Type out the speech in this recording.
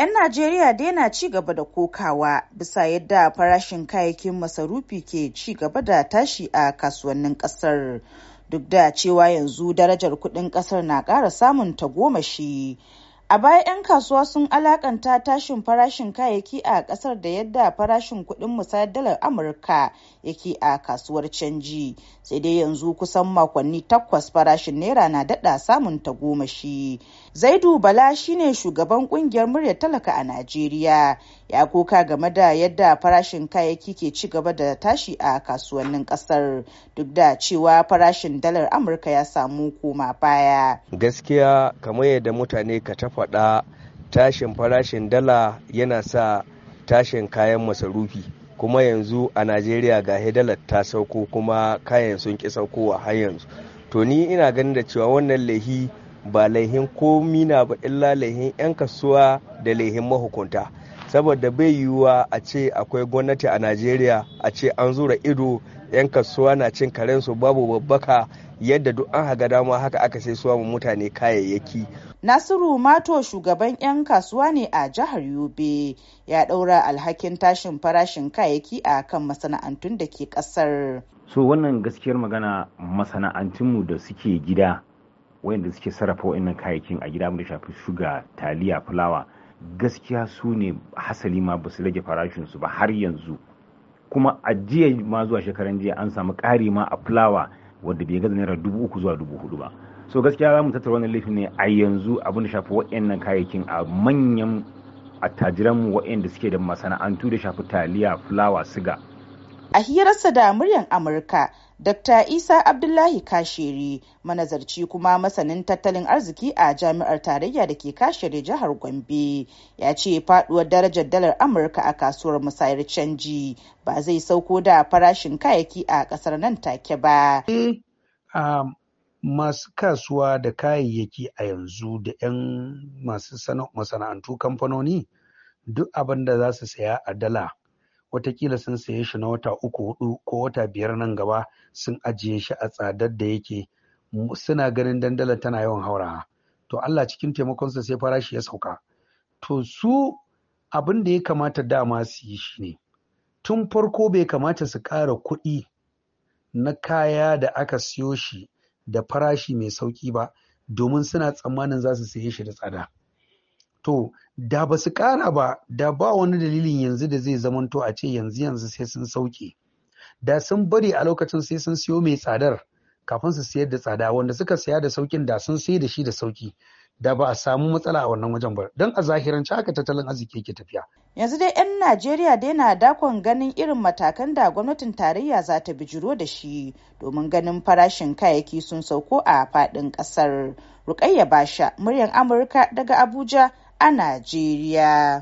'Yan Najeriya daina ci gaba da kokawa bisa yadda farashin kayayyakin masarufi ke ci gaba da tashi a kasuwannin kasar, duk da cewa yanzu darajar kuɗin kasar na ƙara samun tagomashi. A baya 'yan kasuwa sun alakanta tashin farashin kayayyaki a kasar da yadda farashin kuɗin musayar dalar Amurka yake a kasuwar canji. Sai dai yanzu kusan makonni takwas farashin naira na daɗa samun ta goma shi. Zaidu Bala shine shugaban kungiyar muryar talaka a Najeriya. Ya koka game da yadda farashin kayayyaki ke ci gaba da tashi a kasuwannin kasar duk da cewa farashin dalar Amurka ya samu koma baya. Gaskiya kamar yadda mutane ka tafa faɗa tashin farashin dala yana sa tashin kayan masarufi kuma yanzu a najeriya ga dalar ta sauko kuma kayan sun ki saukowa har yanzu to ni ina ganin da cewa wannan laihi ba laihin komi na ba illa laihin 'yan kasuwa da laihin mahukunta saboda bai yiwuwa a ce akwai gwamnati a najeriya a ce an zura ido 'yan kasuwa na cin karensu babu babbaka yadda duk an haga dama haka aka sai suwa mutane kayayyaki Nasiru Mato shugaban 'yan kasuwa ne a jihar Yobe ya ɗaura alhakin tashin farashin kayayyaki a kan masana'antun da ke ƙasar. So wannan gaskiyar magana masana'antunmu da suke gida wayanda suke sarrafa wa'annan kayayyakin a gida da shafi shuga, taliya, fulawa gaskiya su ne hasali ma ba su rage farashinsu ba har yanzu. Kuma a jiya ma zuwa shekaran jiya an samu ƙari ma a fulawa wadda bai gaza naira dubu uku zuwa dubu hudu ba. so gaskiya za mu tattara wannan laifin ne a yanzu abin da shafi waɗannan kayayyakin a manyan attajiranmu waɗanda suke da masana'antu da shafi taliya fulawa siga a hirarsa da muryar amurka Dr. Isa Abdullahi Kashiri manazarci kuma masanin tattalin arziki a jami'ar tarayya da ke kashiri jihar Gombe ya ce faduwar darajar dalar Amurka a kasuwar musayar canji ba zai sauko da farashin kayayyaki a kasar nan take ba. Eh, um, masu kasuwa da kayayyaki a yanzu da 'yan masu masana'antu kamfanoni duk abin da za su saya a dala watakila sun saye shi na wata uku hudu ko wata biyar nan gaba sun ajiye shi a tsadar da yake suna ganin dandalar tana yawan haura, to Allah cikin taimakonsa sai farashi ya sauka to su abin da ya kamata dama su yi shi ne tun farko bai kamata su ƙara kuɗi na kaya da aka siyo shi da farashi mai sauki ba domin suna tsammanin za su saye shi da tsada to da ba su ƙara ba da ba wani dalilin yanzu da zai zamanto a ce yanzu yanzu sai sun sauke da sun bari a lokacin sai sun siyo mai tsadar kafin su sayar da tsada wanda suka saya da saukin da sun sai da shi da sauki da ba a samu matsala a wannan wajen ba don a zahiran haka tattalin arziki yake tafiya yanzu dai 'yan najeriya dai na dakon ganin irin matakan da gwamnatin tarayya za ta bijiro da shi domin ganin farashin kayayyaki sun sauko a faɗin ƙasar rukayya basha muryar amurka daga abuja a najeriya